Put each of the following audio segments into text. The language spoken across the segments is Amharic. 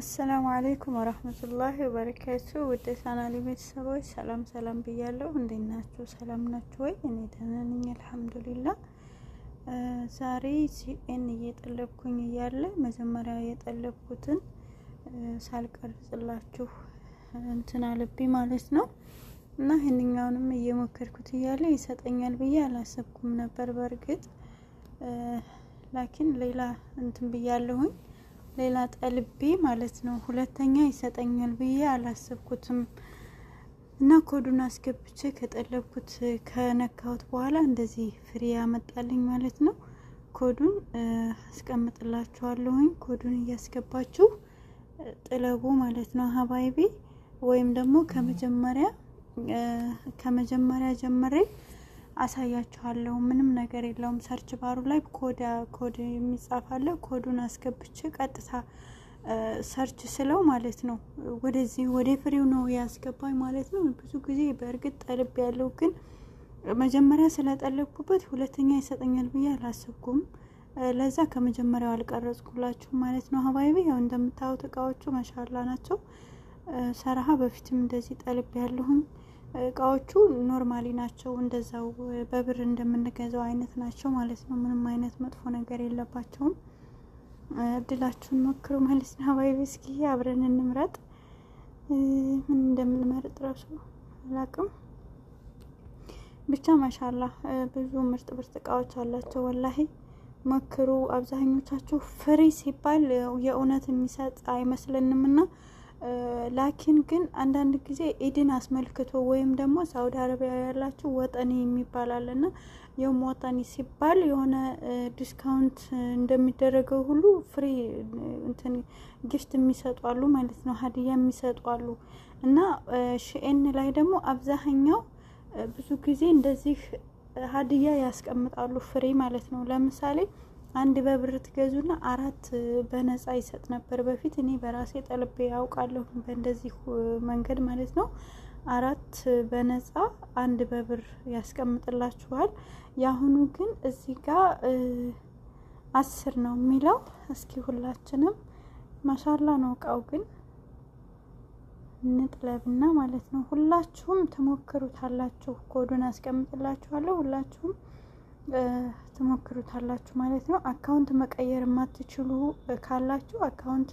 አሰላሙ አለይኩም ወረህመቱላሂ ወበረካቱ ውድ የቻናሌ ቤተሰቦች ሰላም ሰላም ብያለሁ። እንዴት ናችሁ? ሰላም ናችሁ ወይ? እኔ ደህና ነኝ አልሐምዱሊላ። ዛሬ ሲኤን እየጠለብኩኝ እያለ መጀመሪያ የጠለብኩትን ሳልቀርጽላችሁ እንትን አለብኝ ማለት ነው እና ይህንኛውንም እየሞከርኩት እያለ ይሰጠኛል ብዬ አላሰብኩም ነበር በእርግጥ ላኪን ሌላ እንትን ብያለሁኝ ሌላ ጠልቤ ማለት ነው ሁለተኛ ይሰጠኛል ብዬ አላሰብኩትም እና ኮዱን አስገብቼ ከጠለብኩት ከነካሁት በኋላ እንደዚህ ፍሬ ያመጣልኝ ማለት ነው። ኮዱን አስቀምጥላችኋለሁኝ። ኮዱን እያስገባችሁ ጥለቡ ማለት ነው ሀባይቤ ወይም ደግሞ ከመጀመሪያ ከመጀመሪያ ጀምሬ አሳያችኋለሁ። ምንም ነገር የለውም። ሰርች ባሩ ላይ ኮድ ኮድ የሚጻፋለ ኮዱን አስገብቼ ቀጥታ ሰርች ስለው ማለት ነው ወደዚህ ወደ ፍሬው ነው ያስገባኝ ማለት ነው። ብዙ ጊዜ በእርግጥ ጠልብ ያለው ግን መጀመሪያ ስለጠለኩበት ሁለተኛ ይሰጠኛል ብዬ አላሰብኩም። ለዛ ከመጀመሪያው አልቀረጽኩላችሁ ማለት ነው። ሀባይቢ ያው እንደምታዩት እቃዎቹ መሻላ ናቸው። ሰራሀ በፊትም እንደዚህ ጠልብ ያለሁም እቃዎቹ ኖርማሊ ናቸው። እንደዛው በብር እንደምንገዛው አይነት ናቸው ማለት ነው። ምንም አይነት መጥፎ ነገር የለባቸውም። እድላችሁን ሞክሩ ማለት ነው። አባይ እስኪ አብረን እንምረጥ። ምን እንደምንመርጥ ራሱ አላቅም። ብቻ ማሻላ ብዙ ምርጥ ምርጥ እቃዎች አላቸው። ወላሂ ሞክሩ። አብዛኞቻችሁ ፍሪ ሲባል የእውነት የሚሰጥ አይመስለንም እና ላኪን ግን አንዳንድ ጊዜ ኢድን አስመልክቶ ወይም ደግሞ ሳውዲ አረቢያ ያላችሁ ወጠኔ የሚባላልና የውም ወጠኔ ሲባል የሆነ ዲስካውንት እንደሚደረገው ሁሉ ፍሪ እንትን ጊፍት የሚሰጧሉ ማለት ነው፣ ሀዲያ የሚሰጧሉ እና ሽኤን ላይ ደግሞ አብዛኛው ብዙ ጊዜ እንደዚህ ሀዲያ ያስቀምጣሉ ፍሪ ማለት ነው። ለምሳሌ አንድ በብር ትገዙና አራት በነፃ ይሰጥ ነበር በፊት። እኔ በራሴ ጠልቤ ያውቃለሁ፣ በእንደዚህ መንገድ ማለት ነው። አራት በነፃ አንድ በብር ያስቀምጥላችኋል። የአሁኑ ግን እዚህ ጋር አስር ነው የሚለው። እስኪ ሁላችንም ማሻላ ነው እቃው ግን ንጥለብና ማለት ነው። ሁላችሁም ትሞክሩታላችሁ። ኮዱን አስቀምጥላችኋለሁ። ሁላችሁም ትሞክሩታላችሁ ማለት ነው። አካውንት መቀየር የማትችሉ ካላችሁ አካውንት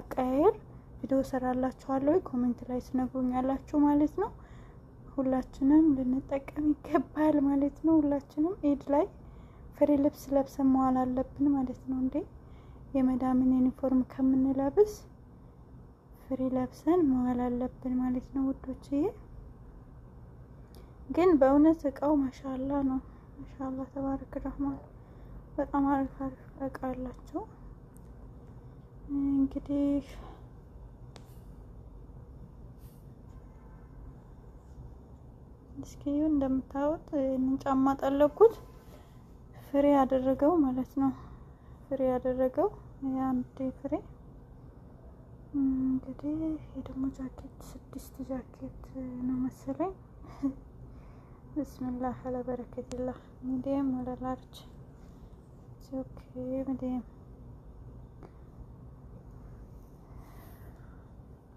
አቀያየር ቪዲዮ ሰራላችኋለሁ። ኮሜንት ላይ ትነግሩኛላችሁ ማለት ነው። ሁላችንም ልንጠቀም ይገባል ማለት ነው። ሁላችንም ኢድ ላይ ፍሬ ልብስ ለብሰን መዋል አለብን ማለት ነው። እንዴ የመዳምን ዩኒፎርም ከምንለብስ ፍሬ ለብሰን መዋል አለብን ማለት ነው ውዶችዬ። ግን በእውነት እቃው ማሻላ ነው። ማሻላ ተባረክ ረህማን በጣም አሪፍ አሪፍ እቃ አላቸው። እንግዲህ እስኪ እንደምታዩት ይህንን ጫማ ጠለኩት። ፍሬ ያደረገው ማለት ነው። ፍሬ ያደረገው የአንድ ፍሬ እንግዲህ ይህ ደግሞ ጃኬት ስድስት ጃኬት ነው መሰለኝ ብስምላህ አለ በረከትላህ ሚዲየም ወደ ላርጅ ኦኬ ሚዲየም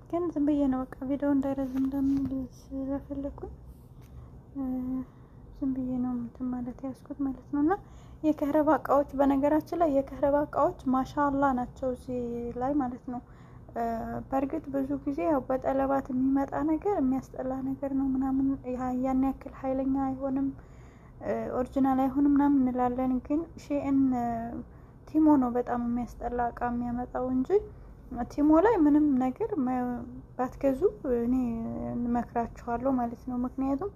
ግን ዝም ብዬ ነው በቃ ቪዲዮ እንዳይረዝም ለምን ስለፈለኩኝ ዝም ብዬ ነው እንትን ማለት ያስኩት ማለት ነው። እና የከህረባ እቃዎች በነገራችን ላይ የከረባ እቃዎች ማሻላ ናቸው እዚህ ላይ ማለት ነው። በእርግጥ ብዙ ጊዜ ያው በጠለባት የሚመጣ ነገር የሚያስጠላ ነገር ነው ምናምን ያን ያክል ኃይለኛ አይሆንም፣ ኦሪጂናል አይሆንም ምናምን እንላለን። ግን ሼን ቲሞ ነው በጣም የሚያስጠላ እቃ የሚያመጣው እንጂ ቲሞ ላይ ምንም ነገር ባትገዙ እኔ እንመክራችኋለሁ ማለት ነው። ምክንያቱም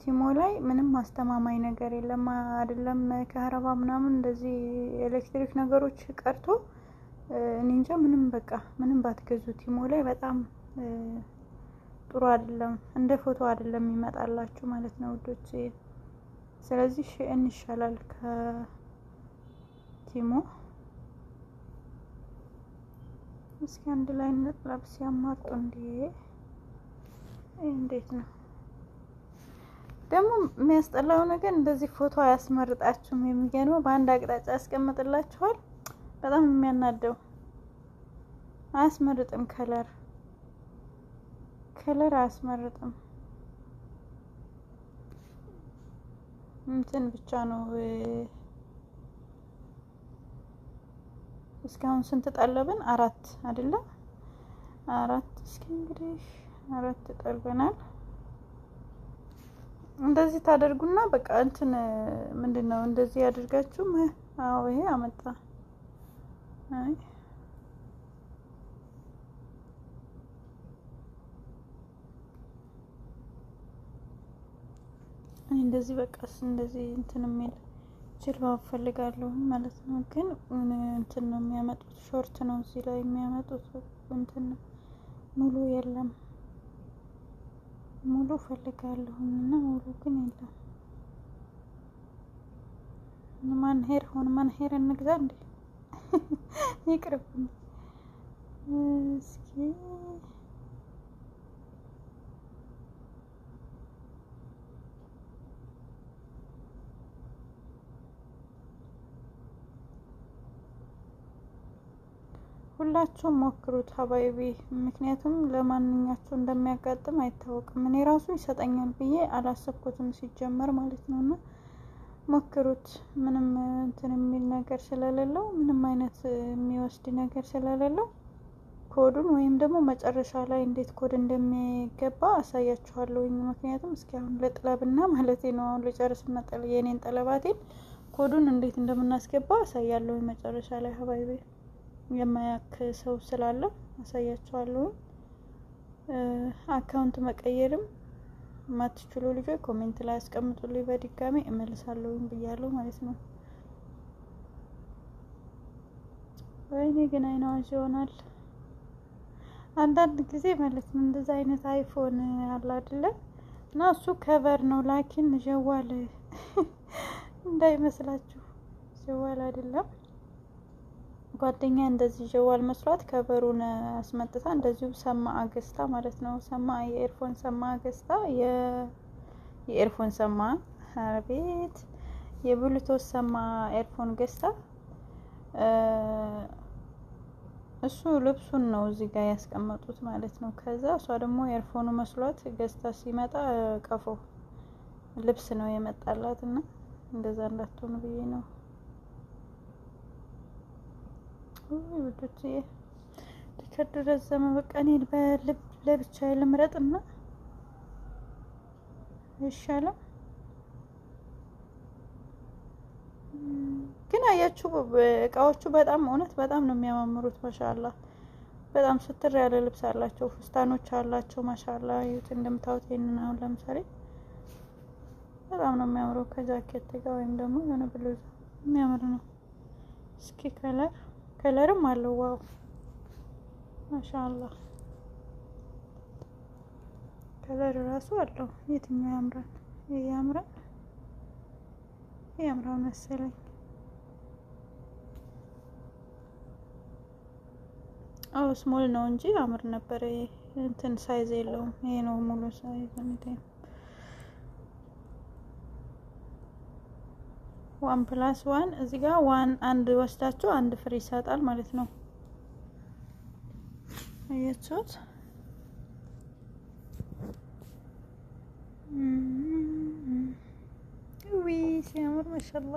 ቲሞ ላይ ምንም አስተማማኝ ነገር የለም። አይደለም ከረባ ምናምን እንደዚህ ኤሌክትሪክ ነገሮች ቀርቶ እኔ እንጃ ምንም በቃ ምንም ባትገዙ ቲሞ ላይ በጣም ጥሩ አይደለም፣ እንደ ፎቶ አይደለም ይመጣላችሁ ማለት ነው ውዶች። ስለዚህ ሺኤን ይሻላል ከቲሞ። እስኪ አንድ ላይ እንጥላብ ሲያማርጡ እንዴ! እንዴት ነው ደግሞ የሚያስጠላው ነገር እንደዚህ ፎቶ አያስመርጣችሁም። የሚገርመው በአንድ አቅጣጫ ያስቀምጥላችኋል በጣም የሚያናደው አያስመርጥም። ከለር ከለር አያስመርጥም። እንትን ብቻ ነው። እስካሁን ስንት ጠለብን? አራት አይደለ? አራት እስኪ እንግዲህ አራት ጠልበናል። እንደዚህ ታደርጉና በቃ እንትን ምንድን ነው እንደዚህ ያደርጋችሁ። አዎ ይሄ አመጣ አይ እንደዚህ በቃስ እንደዚህ እንትን የሚል ጀልባ እፈልጋለሁ ማለት ነው። ግን እንትን ነው የሚያመጡት፣ ሾርት ነው እዚህ ላይ የሚያመጡት። እንትን ነው ሙሉ የለም። ሙሉ እፈልጋለሁ እና ሙሉ ግን የለም። ማን ሄር ሆን ማን ሄር እንግዛ እንዴ? ይቅርብኝ። እስኪ ሁላችሁም ሞክሩት ሀባይቢ፣ ምክንያቱም ለማንኛቸው እንደሚያጋጥም አይታወቅም። እኔ ራሱ ይሰጠኛል ብዬ አላሰብኩትም ሲጀመር ማለት ነው እና ሞክሩት። ምንም እንትን የሚል ነገር ስለሌለው ምንም አይነት የሚወስድ ነገር ስለሌለው ኮዱን ወይም ደግሞ መጨረሻ ላይ እንዴት ኮድ እንደሚገባ አሳያችኋለሁ። ምክንያቱም እስኪ አሁን ልጥለብና ማለት ነው አሁን ልጨርስ የኔን ጠለባቴን ኮዱን እንዴት እንደምናስገባ አሳያለሁ። መጨረሻ ላይ ሀባይቤ የማያክ ሰው ስላለ አሳያችኋለሁ። አካውንት መቀየርም የማትችሉ ልጆች ኮሜንት ላይ አስቀምጡልኝ፣ በድጋሚ እመልሳለሁ ብያለሁ ማለት ነው። ወይኔ ግን አይነዋዥ ይሆናል አንዳንድ ጊዜ ማለት ነው። እንደዛ አይነት አይፎን አለ አይደለም እና እሱ ከቨር ነው ላኪን ጀዋል እንዳይመስላችሁ ጀዋል አይደለም። ጓደኛ እንደዚህ ጀዋል መስሏት ከበሩን አስመጥታ እንደዚሁ ሰማ አገስታ ማለት ነው። ሰማ የኤርፎን ሰማ አገስታ የኤርፎን ሰማ አቤት የብሉቶስ ሰማ ኤርፎን ገዝታ እሱ ልብሱን ነው እዚህ ጋር ያስቀመጡት ማለት ነው። ከዛ እሷ ደግሞ ኤርፎኑ መስሏት ገዝታ ሲመጣ ቀፎ ልብስ ነው የመጣላት እና እንደዛ እንዳትሆኑ ብዬ ነው። ውዶች ሪከርድ ረዘመ። በቃ እኔ ለብቻ ልምረጥና ይሻለው። ግን አያችሁ እቃዎቹ በጣም እውነት በጣም ነው የሚያማምሩት። ማሻላ በጣም ስትር ያለ ልብስ አላቸው፣ ፉስታኖች አላቸው። ማሻላ ዩት እንደምታዩት ይህንን አሁን ለምሳሌ በጣም ነው የሚያምረው ከጃኬት ጋር ወይም ደግሞ የሆነ ብሎ የሚያምር ነው። እስኪ ከለር ከለርም አለው። ዋው ማሻአላህ ከለር ራሱ አለው። የትኛው ያምራል? ይሄ ያምራል፣ ይሄ ያምራል መሰለኝ። አዎ ስሞል ነው እንጂ አምር ነበረ። እንትን ሳይዝ የለውም። ይሄ ነው ሙሉ ሳይዝ ነው። ዋን ፕላስ ዋን እዚህ ጋር ዋን አንድ ወስዳችሁ አንድ ፍሬ ይሰጣል ማለት ነው። አያችሁት? ዊ ሲያምር ማሻላ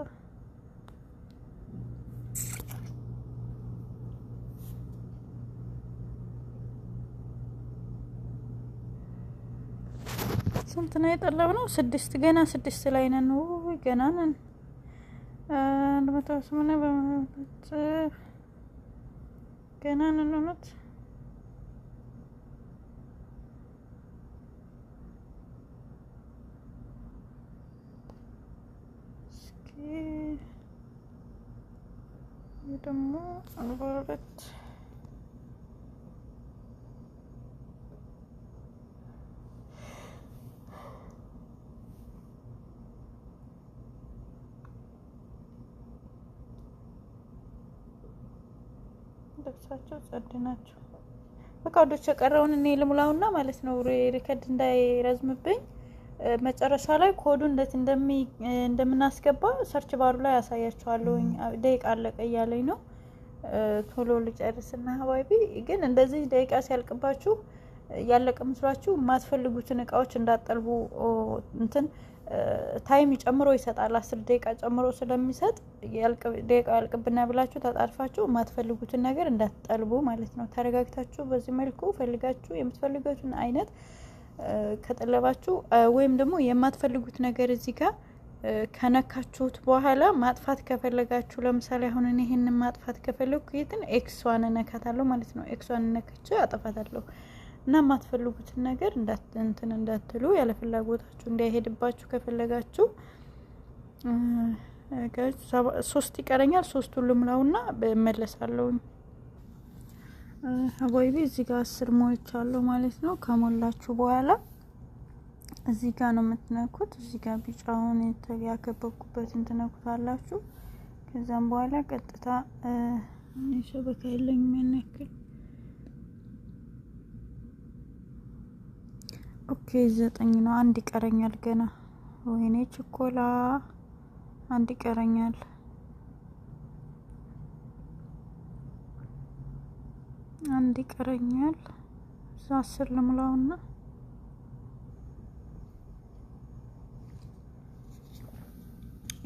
ስንት ነው የጠላው ስድስት ገና ስድስት ላይ ነን። ውይ ገና ነን። በመታው ስምና ገና ነን እስኪ ደግሞ አንበረት ልብሳቸው ጸድ ናቸው። በቃ ወዶች የቀረውን እኔ ልሙላውና ማለት ነው ሪከርድ እንዳይረዝምብኝ መጨረሻ ላይ ኮዱ እንዴት እንደምናስገባ ሰርች ባሩ ላይ ያሳያችኋለሁኝ። ደቂቃ አለቀ እያለኝ ነው ቶሎ ልጨርስና ሀባይቢ ግን እንደዚህ ደቂቃ ሲያልቅባችሁ ያለቀ ምስሏችሁ የማትፈልጉትን እቃዎች እንዳጠልቡ እንትን ታይም ጨምሮ ይሰጣል። አስር ደቂቃ ጨምሮ ስለሚሰጥ ደቂቃ ያልቅብና ብላችሁ ተጣልፋችሁ የማትፈልጉትን ነገር እንዳትጠልቡ ማለት ነው። ተረጋግታችሁ በዚህ መልኩ ፈልጋችሁ የምትፈልጉትን አይነት ከጠለባችሁ ወይም ደግሞ የማትፈልጉት ነገር እዚህ ጋር ከነካችሁት በኋላ ማጥፋት ከፈለጋችሁ ለምሳሌ አሁን ይህንን ማጥፋት ከፈለግኩ የትን ኤክስዋን እነካታለሁ ማለት ነው። ኤክስዋን እነካቸው አጠፋታለሁ። እና የማትፈልጉትን ነገር እንትን እንዳትሉ ያለ ፍላጎታችሁ እንዳይሄድባችሁ ከፈለጋችሁ ሶስት ይቀረኛል። ሶስቱን ና መለሳለውኝ። ሀባይቢ እዚህ ጋር አስር ሞልቻለሁ ማለት ነው። ከሞላችሁ በኋላ እዚህ ጋር ነው የምትነኩት። እዚህ ጋር ቢጫውን ያከበብኩበትን አላችሁ። ከዛም በኋላ ቀጥታ ሸበካ የለኝ የሚያናክል ኦኬ ዘጠኝ ነው። አንድ ይቀረኛል ገና። ወይኔ ችኮላ፣ አንድ ይቀረኛል። አንድ ይቀረኛል። እዛ አስር ልሙላውና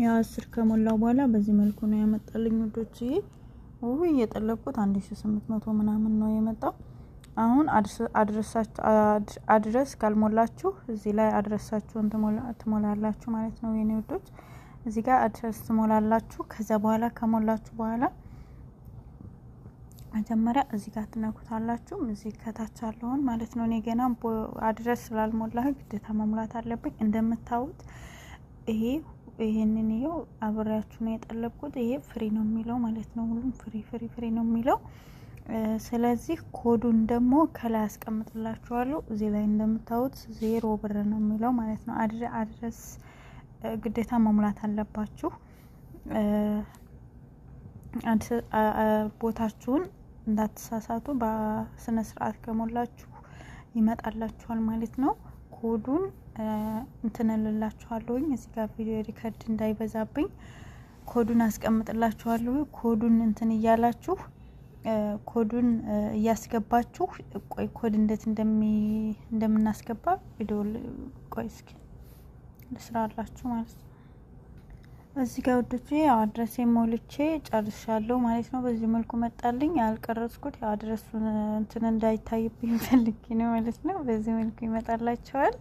ያ አስር ከሞላው በኋላ በዚህ መልኩ ነው ያመጣልኝ ውዶችዬ። ውይ እየጠለኩት አንድ ሺህ ስምንት መቶ ምናምን ነው የመጣው። አሁን አድረስ ካልሞላችሁ እዚህ ላይ አድረሳችሁን ትሞላላችሁ ማለት ነው የኔ ውዶች። እዚህ ጋር አድረስ ትሞላላችሁ። ከዛ በኋላ ከሞላችሁ በኋላ መጀመሪያ እዚህ ጋር ትነኩታላችሁ። እዚህ ከታች ያለውን ማለት ነው። እኔ ገና አድረስ ስላልሞላ ግዴታ መሙላት አለብኝ። እንደምታዩት ይሄ ይሄንን ይኸው አብሬያችሁ ነው የጠለብኩት። ይሄ ፍሪ ነው የሚለው ማለት ነው። ሁሉም ፍሪ ፍሪ ፍሪ ነው የሚለው ስለዚህ ኮዱን ደግሞ ከላይ አስቀምጥላችኋለሁ። እዚህ ላይ እንደምታዩት ዜሮ ብር ነው የሚለው ማለት ነው። አድረስ ግዴታ መሙላት አለባችሁ። ቦታችሁን እንዳትሳሳቱ በስነ ስርዓት ከሞላችሁ ይመጣላችኋል ማለት ነው። ኮዱን እንትንልላችኋለሁኝ እዚህ ጋር ቪዲዮ ሪከርድ እንዳይበዛብኝ ኮዱን አስቀምጥላችኋለሁ። ኮዱን እንትን እያላችሁ ኮዱን እያስገባችሁ ቆይ ኮድ እንዴት እንደምናስገባ ቪዲዮ ቆይ እስኪ ስራ አላችሁ ማለት ነው። እዚህ ጋር ወዶቼ አድረሴ ሞልቼ ጨርሻለሁ ማለት ነው። በዚህ መልኩ መጣልኝ። ያልቀረጽኩት አድረሱን እንትን እንዳይታይብኝ ፈልጌ ነው ማለት ነው። በዚህ መልኩ ይመጣላቸዋል።